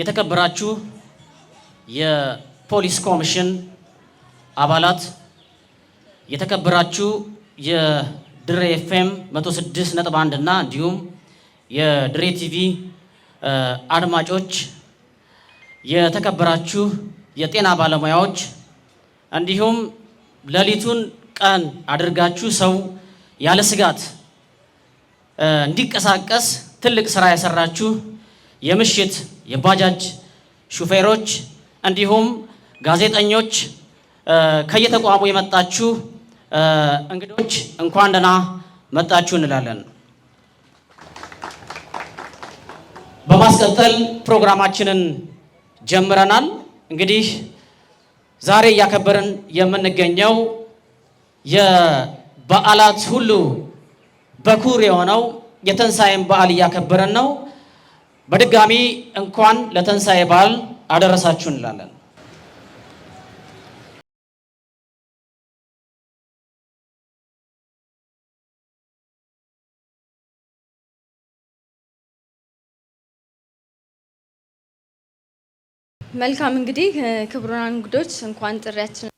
የተከበራችሁ የፖሊስ ኮሚሽን አባላት፣ የተከበራችሁ የድሬ ኤፍኤም 106 ነጥብ 1 እና እንዲሁም የድሬ ቲቪ አድማጮች፣ የተከበራችሁ የጤና ባለሙያዎች፣ እንዲሁም ሌሊቱን ቀን አድርጋችሁ ሰው ያለ ስጋት እንዲንቀሳቀስ ትልቅ ስራ የሰራችሁ የምሽት የባጃጅ ሹፌሮች እንዲሁም ጋዜጠኞች ከየተቋሙ የመጣችሁ እንግዶች እንኳን ደህና መጣችሁ እንላለን። በማስቀጠል ፕሮግራማችንን ጀምረናል። እንግዲህ ዛሬ እያከበርን የምንገኘው የበዓላት ሁሉ በኩር የሆነው የትንሣኤን በዓል እያከበርን ነው። በድጋሚ እንኳን ለትንሣኤ በዓል አደረሳችሁ እንላለን። መልካም እንግዲህ ክቡራን እንግዶች እንኳን ጥሪያችን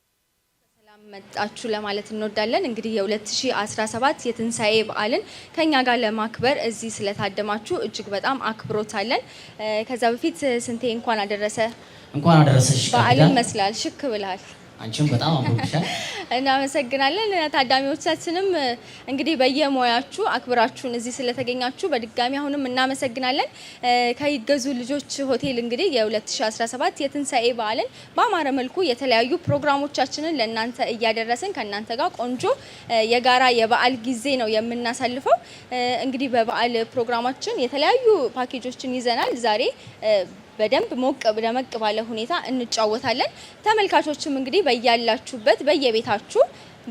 መጣችሁ ለማለት እንወዳለን። እንግዲህ የ2017 የትንሣኤ በዓልን ከኛ ጋር ለማክበር እዚህ ስለታደማችሁ እጅግ በጣም አክብሮት አለን። ከዛ በፊት ስንቴ እንኳን አደረሰ እንኳን አደረሰሽ በዓልን መስላል ሽክ ብላል አንቺም በጣም አምሮብሻል። እናመሰግናለን። ታዳሚዎቻችንም እንግዲህ በየሙያችሁ አክብራችሁን እዚህ ስለተገኛችሁ በድጋሚ አሁንም እናመሰግናለን። ከይገዙ ልጆች ሆቴል እንግዲህ የ2017 የትንሳኤ በዓልን በአማረ መልኩ የተለያዩ ፕሮግራሞቻችንን ለእናንተ እያደረስን ከእናንተ ጋር ቆንጆ የጋራ የበዓል ጊዜ ነው የምናሳልፈው። እንግዲህ በበዓል ፕሮግራማችን የተለያዩ ፓኬጆችን ይዘናል ዛሬ በደንብ ሞቅ ደመቅ ባለ ሁኔታ እንጫወታለን። ተመልካቾችም እንግዲህ በያላችሁበት በየቤታችሁ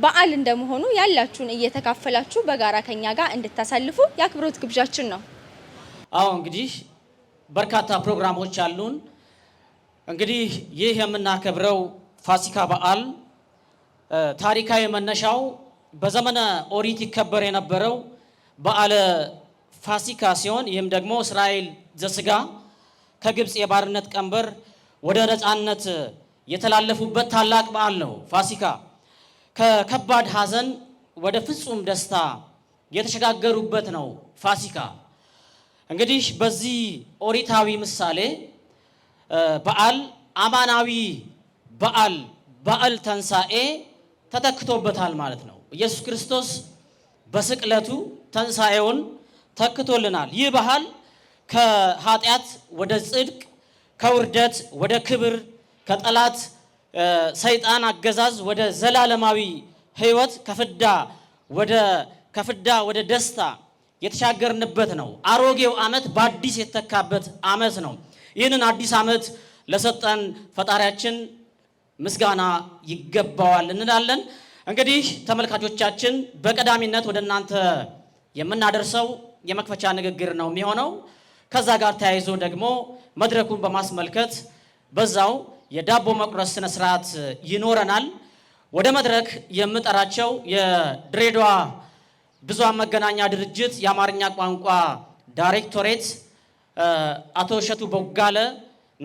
በዓል እንደመሆኑ ያላችሁን እየተካፈላችሁ በጋራ ከኛ ጋር እንድታሳልፉ የአክብሮት ግብዣችን ነው። አዎ እንግዲህ በርካታ ፕሮግራሞች አሉን። እንግዲህ ይህ የምናከብረው ፋሲካ በዓል ታሪካዊ መነሻው በዘመነ ኦሪት ይከበር የነበረው በዓለ ፋሲካ ሲሆን ይህም ደግሞ እስራኤል ዘስጋ ከግብፅ የባርነት ቀንበር ወደ ነፃነት የተላለፉበት ታላቅ በዓል ነው። ፋሲካ ከከባድ ሐዘን ወደ ፍጹም ደስታ የተሸጋገሩበት ነው። ፋሲካ እንግዲህ በዚህ ኦሪታዊ ምሳሌ በዓል አማናዊ በዓል በዓል ተንሳኤ ተተክቶበታል ማለት ነው። ኢየሱስ ክርስቶስ በስቅለቱ ተንሳኤውን ተክቶልናል። ይህ ባህል ከኃጢአት ወደ ጽድቅ፣ ከውርደት ወደ ክብር፣ ከጠላት ሰይጣን አገዛዝ ወደ ዘላለማዊ ህይወት ከፍዳ ወደ ከፍዳ ወደ ደስታ የተሻገርንበት ነው። አሮጌው ዓመት በአዲስ የተተካበት ዓመት ነው። ይህንን አዲስ ዓመት ለሰጠን ፈጣሪያችን ምስጋና ይገባዋል እንላለን። እንግዲህ ተመልካቾቻችን በቀዳሚነት ወደ እናንተ የምናደርሰው የመክፈቻ ንግግር ነው የሚሆነው። ከዛ ጋር ተያይዞ ደግሞ መድረኩን በማስመልከት በዛው የዳቦ መቁረስ ስነ ስርዓት ይኖረናል። ወደ መድረክ የምጠራቸው የድሬዳዋ ብዙሃን መገናኛ ድርጅት የአማርኛ ቋንቋ ዳይሬክቶሬት አቶ እሸቱ ቦጋለ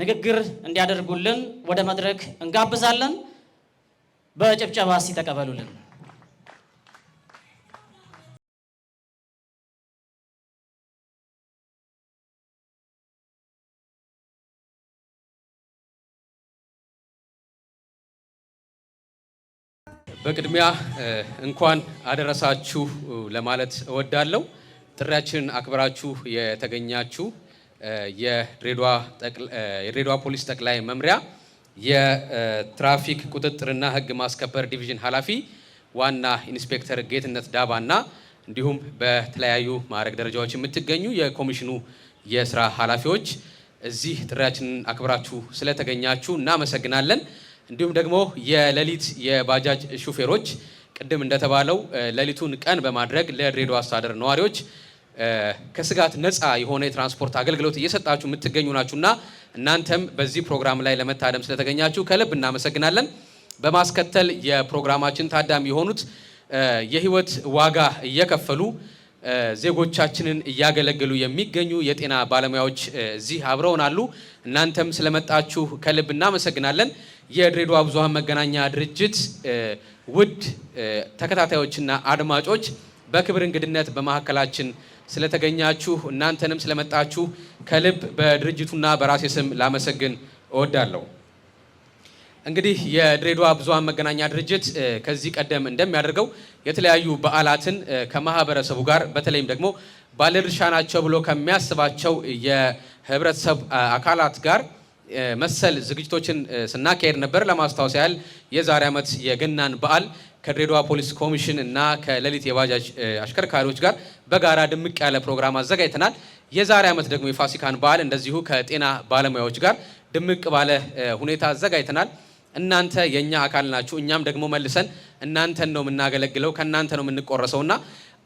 ንግግር እንዲያደርጉልን ወደ መድረክ እንጋብዛለን። በጭብጨባ እስቲ ተቀበሉልን። በቅድሚያ እንኳን አደረሳችሁ ለማለት እወዳለሁ። ጥሪያችንን አክብራችሁ የተገኛችሁ የድሬዳዋ ፖሊስ ጠቅላይ መምሪያ የትራፊክ ቁጥጥርና ሕግ ማስከበር ዲቪዥን ኃላፊ ዋና ኢንስፔክተር ጌትነት ዳባና እንዲሁም በተለያዩ ማዕረግ ደረጃዎች የምትገኙ የኮሚሽኑ የስራ ኃላፊዎች እዚህ ጥሪያችንን አክብራችሁ ስለተገኛችሁ እናመሰግናለን። እንዲሁም ደግሞ የሌሊት የባጃጅ ሹፌሮች ቅድም እንደተባለው ሌሊቱን ቀን በማድረግ ለድሬዳዋ አስተዳደር ነዋሪዎች ከስጋት ነፃ የሆነ የትራንስፖርት አገልግሎት እየሰጣችሁ የምትገኙ ናችሁና እናንተም በዚህ ፕሮግራም ላይ ለመታደም ስለተገኛችሁ ከልብ እናመሰግናለን። በማስከተል የፕሮግራማችን ታዳሚ የሆኑት የህይወት ዋጋ እየከፈሉ ዜጎቻችንን እያገለገሉ የሚገኙ የጤና ባለሙያዎች እዚህ አብረውን አሉ። እናንተም ስለመጣችሁ ከልብ እናመሰግናለን። የድሬዳዋ ብዙኃን መገናኛ ድርጅት ውድ ተከታታዮችና አድማጮች በክብር እንግድነት በመካከላችን ስለተገኛችሁ እናንተንም ስለመጣችሁ ከልብ በድርጅቱና በራሴ ስም ላመሰግን እወዳለሁ። እንግዲህ የድሬዳዋ ብዙኃን መገናኛ ድርጅት ከዚህ ቀደም እንደሚያደርገው የተለያዩ በዓላትን ከማህበረሰቡ ጋር በተለይም ደግሞ ባለድርሻ ናቸው ብሎ ከሚያስባቸው የህብረተሰብ አካላት ጋር መሰል ዝግጅቶችን ስናካሄድ ነበር። ለማስታወስ ያህል የዛሬ ዓመት የገናን በዓል ከድሬዳዋ ፖሊስ ኮሚሽን እና ከሌሊት የባጃጅ አሽከርካሪዎች ጋር በጋራ ድምቅ ያለ ፕሮግራም አዘጋጅተናል። የዛሬ ዓመት ደግሞ የፋሲካን በዓል እንደዚሁ ከጤና ባለሙያዎች ጋር ድምቅ ባለ ሁኔታ አዘጋጅተናል። እናንተ የእኛ አካል ናችሁ፣ እኛም ደግሞ መልሰን እናንተን ነው የምናገለግለው፣ ከእናንተ ነው የምንቆረሰው ና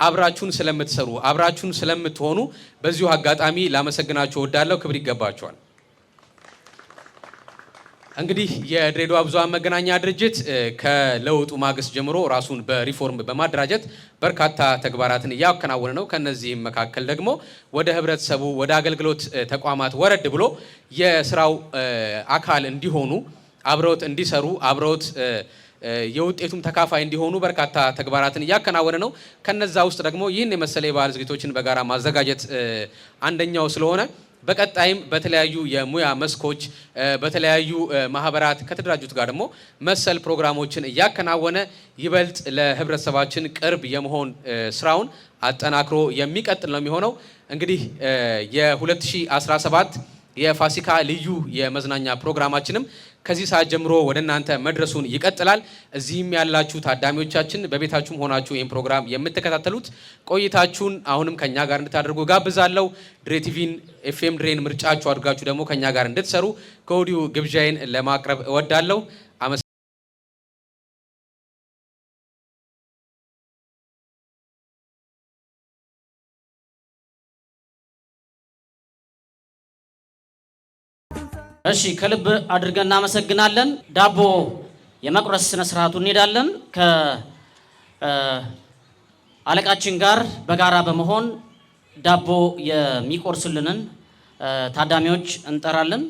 አብራችሁን ስለምትሰሩ አብራችሁን ስለምትሆኑ በዚሁ አጋጣሚ ላመሰግናችሁ እወዳለሁ። ክብር ይገባቸዋል። እንግዲህ የድሬዳዋ ብዙሃን መገናኛ ድርጅት ከለውጡ ማግስት ጀምሮ ራሱን በሪፎርም በማደራጀት በርካታ ተግባራትን እያከናወነ ነው። ከነዚህም መካከል ደግሞ ወደ ህብረተሰቡ፣ ወደ አገልግሎት ተቋማት ወረድ ብሎ የስራው አካል እንዲሆኑ አብረውት እንዲሰሩ አብረውት የውጤቱም ተካፋይ እንዲሆኑ በርካታ ተግባራትን እያከናወነ ነው። ከነዛ ውስጥ ደግሞ ይህን የመሰለ የባህል ዝግጅቶችን በጋራ ማዘጋጀት አንደኛው ስለሆነ በቀጣይም በተለያዩ የሙያ መስኮች በተለያዩ ማህበራት ከተደራጁት ጋር ደግሞ መሰል ፕሮግራሞችን እያከናወነ ይበልጥ ለህብረተሰባችን ቅርብ የመሆን ስራውን አጠናክሮ የሚቀጥል ነው የሚሆነው። እንግዲህ የ2017 የፋሲካ ልዩ የመዝናኛ ፕሮግራማችንም ከዚህ ሰዓት ጀምሮ ወደ እናንተ መድረሱን ይቀጥላል። እዚህም ያላችሁ ታዳሚዎቻችን በቤታችሁም ሆናችሁ ይህን ፕሮግራም የምትከታተሉት ቆይታችሁን አሁንም ከኛ ጋር እንድታደርጉ ጋብዛለሁ። ድሬ ቲቪን ኤፍኤም ድሬን ምርጫችሁ አድርጋችሁ ደግሞ ከኛ ጋር እንድትሰሩ ከወዲሁ ግብዣዬን ለማቅረብ እወዳለሁ። እሺ ከልብ አድርገን እናመሰግናለን። ዳቦ የመቁረስ ስነ ስርዓቱ እንሄዳለን። ከአለቃችን ጋር በጋራ በመሆን ዳቦ የሚቆርስልንን ታዳሚዎች እንጠራለን።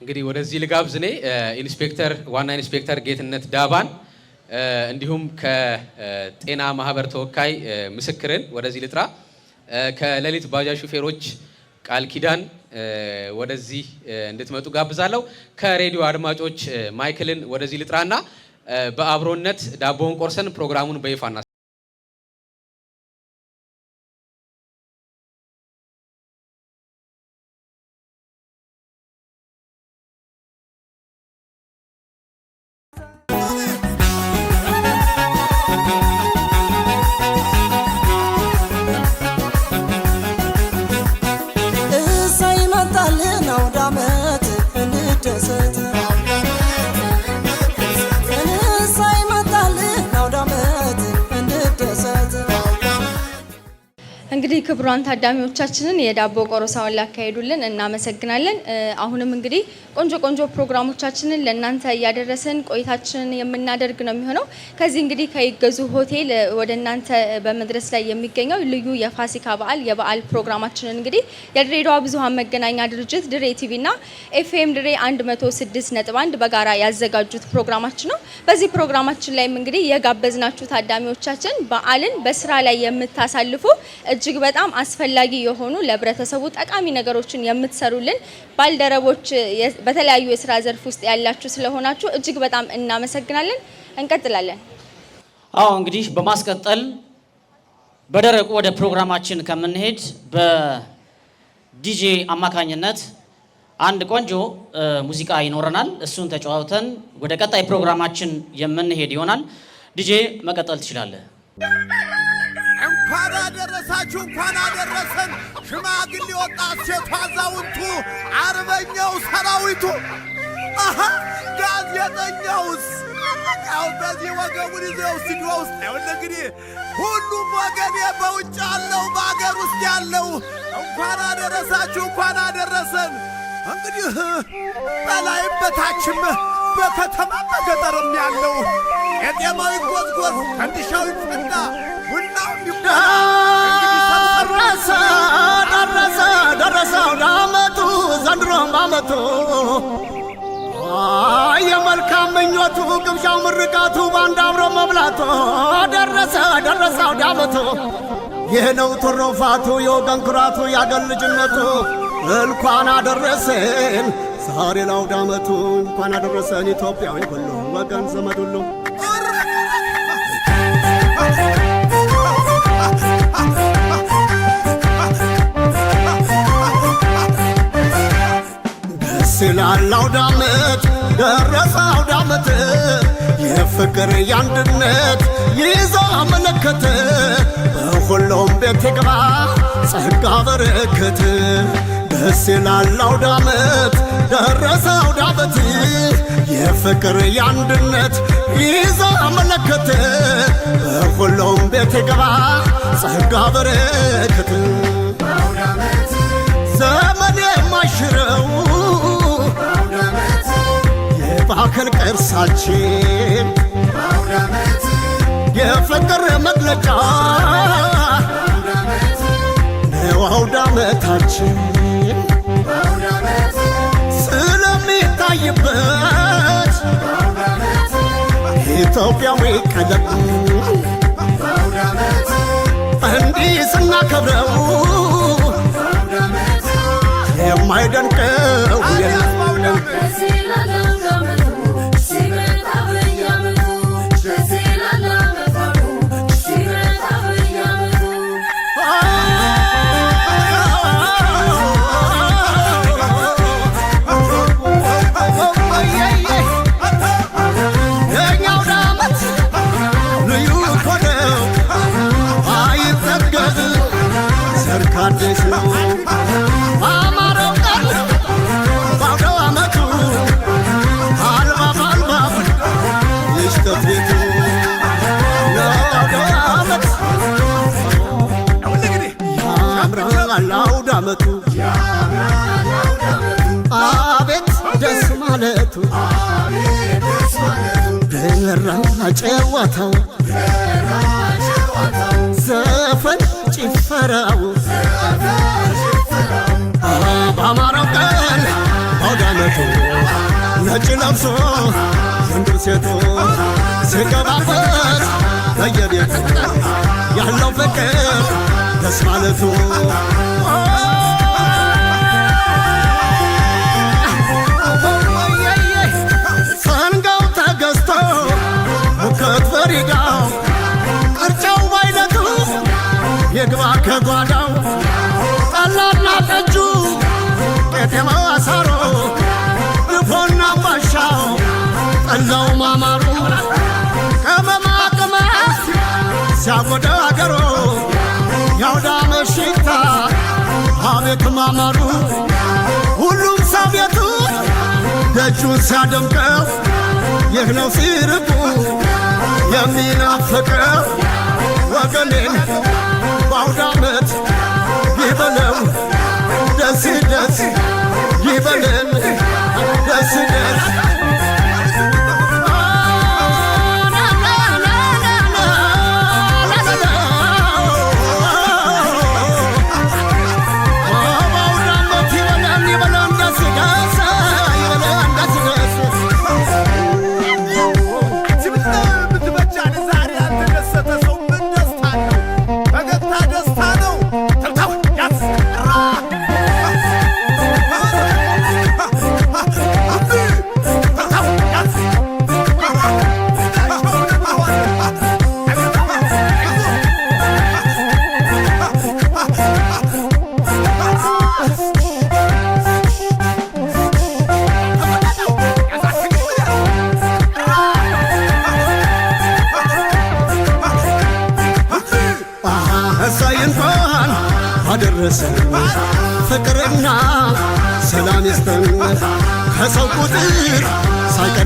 እንግዲህ ወደዚህ ልጋብዝ እኔ ኢንስፔክተር ዋና ኢንስፔክተር ጌትነት ዳባን እንዲሁም ከጤና ማህበር ተወካይ ምስክርን ወደዚህ ልጥራ። ከሌሊት ባጃጅ ሹፌሮች ቃል ኪዳን ወደዚህ እንድትመጡ ጋብዛለሁ። ከሬዲዮ አድማጮች ማይክልን ወደዚህ ልጥራና በአብሮነት ዳቦውን ቆርሰን ፕሮግራሙን በይፋ እንግዲህ ክቡራን ታዳሚዎቻችንን የዳቦ ቆሮሳውን ላካሄዱልን እናመሰግናለን። አሁንም እንግዲህ ቆንጆ ቆንጆ ፕሮግራሞቻችንን ለእናንተ እያደረስን ቆይታችንን የምናደርግ ነው የሚሆነው። ከዚህ እንግዲህ ከይገዙ ሆቴል ወደ እናንተ በመድረስ ላይ የሚገኘው ልዩ የፋሲካ በዓል የበዓል ፕሮግራማችንን እንግዲህ የድሬዳዋ ብዙኃን መገናኛ ድርጅት ድሬ ቲቪና ኤፍኤም ድሬ 1 በጋራ ያዘጋጁት ፕሮግራማችን ነው። በዚህ ፕሮግራማችን ላይም እንግዲህ የጋበዝናችሁ ታዳሚዎቻችን በዓልን በስራ ላይ የምታሳልፉ እጅግ በጣም አስፈላጊ የሆኑ ለህብረተሰቡ ጠቃሚ ነገሮችን የምትሰሩልን ባልደረቦች በተለያዩ የስራ ዘርፍ ውስጥ ያላችሁ ስለሆናችሁ እጅግ በጣም እናመሰግናለን። እንቀጥላለን። አዎ እንግዲህ በማስቀጠል በደረቁ ወደ ፕሮግራማችን ከምንሄድ በዲጄ አማካኝነት አንድ ቆንጆ ሙዚቃ ይኖረናል። እሱን ተጫውተን ወደ ቀጣይ ፕሮግራማችን የምንሄድ ይሆናል። ዲጄ መቀጠል ትችላለህ። እንኳን አደረሳችሁ እንኳን አደረሰን። ሽማግሌ፣ ወጣት፣ ሴቷ፣ አዛውንቱ፣ አርበኛው፣ ሰራዊቱ፣ ጋዜጠኛውስ ያው በዚህ ወገቡን ይዘው ስድዋ ውስጥ ይሁን እንግዲህ ሁሉም ወገኔ በውጭ ያለው በአገር ውስጥ ያለው እንኳን አደረሳችሁ እንኳን አደረሰን። እንግዲህ በላይም በታችም በከተማ በገጠርም ያለው የጤማዊ ጎዝጎዝ ከንዲሻዊ ፍና ደረሰ ደረሰ በአመቱ የመልካም ምኞቱ ግብዣው ምርቃቱ በአንድ አብሮ መብላቱ ደረሰ ደረሰው ዳመቱ ይህ ነው ትሩፋቱ የወገን ኩራቱ ያገን ልጅነቱ እንኳን አደረሰን ዛሬ እንኳን አደረሰን ኢትዮጵያዊ ሁሉ ወገን ዘመድ ሁሉ ስላለ አውደ ደረሰ አውደ ዓመት የፍቅር የአንድነት ይዛ መለከት በሁሉም ቤት ይግባ ጸጋ በረከት ደስ ይላል አውደ ደረሰ አውዳመት የፍቅር የአንድነት ይዛ መለከት በሁሉም ቤት ይግባ ጸጋ በረከት ማዕከል ቅርሳችን የፍቅር መግለጫ ነው አውደ ዓመታችን ስለሚታይበት ኢትዮጵያዊ ቀለም እንዲህ ስናከብረው የማይደንቀው የለም አውድ ዓመቱ አቤት ደስ ማለቱ ደራ ጨዋታው ዘፈን ጭፈራው በአማራው ቀን አውድ ዓመቱ ነጭ ለብሶ ወንዱ ሴቱ ሲገባበት በየቤቱ ያለው ፍቅር መለስ ማለቱ ሰንጋው ተገዝቶ ሙከት ፈሪዳው ቅርጫው ባይነቱ የግባ ከጓዳው ጠላና ጠጁ ቄጤማው አሳሮ ንፎና ባሻው ጠላው ማማሩ ቅመማ ቅመማ ሲያጎደ አገሮ ቤቱ ማማሩ ሁሉም ሳቤቱ ቤቱ ደጁን ሲያደምቀው ይህ ነው ሲርቁ የሚናፍቀው ወገኔን በአውደ ዓመት ይበለው ደስ ደስ ይበለን ደስ ደስ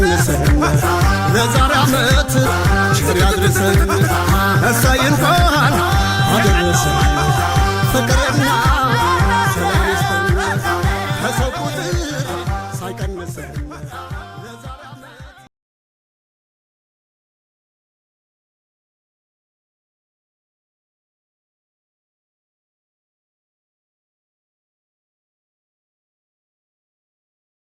ቀነሰን ለዛሬ ዓመት ቸር ያድርሰን እሰይ እንኳን አደረሰን ፍቅርና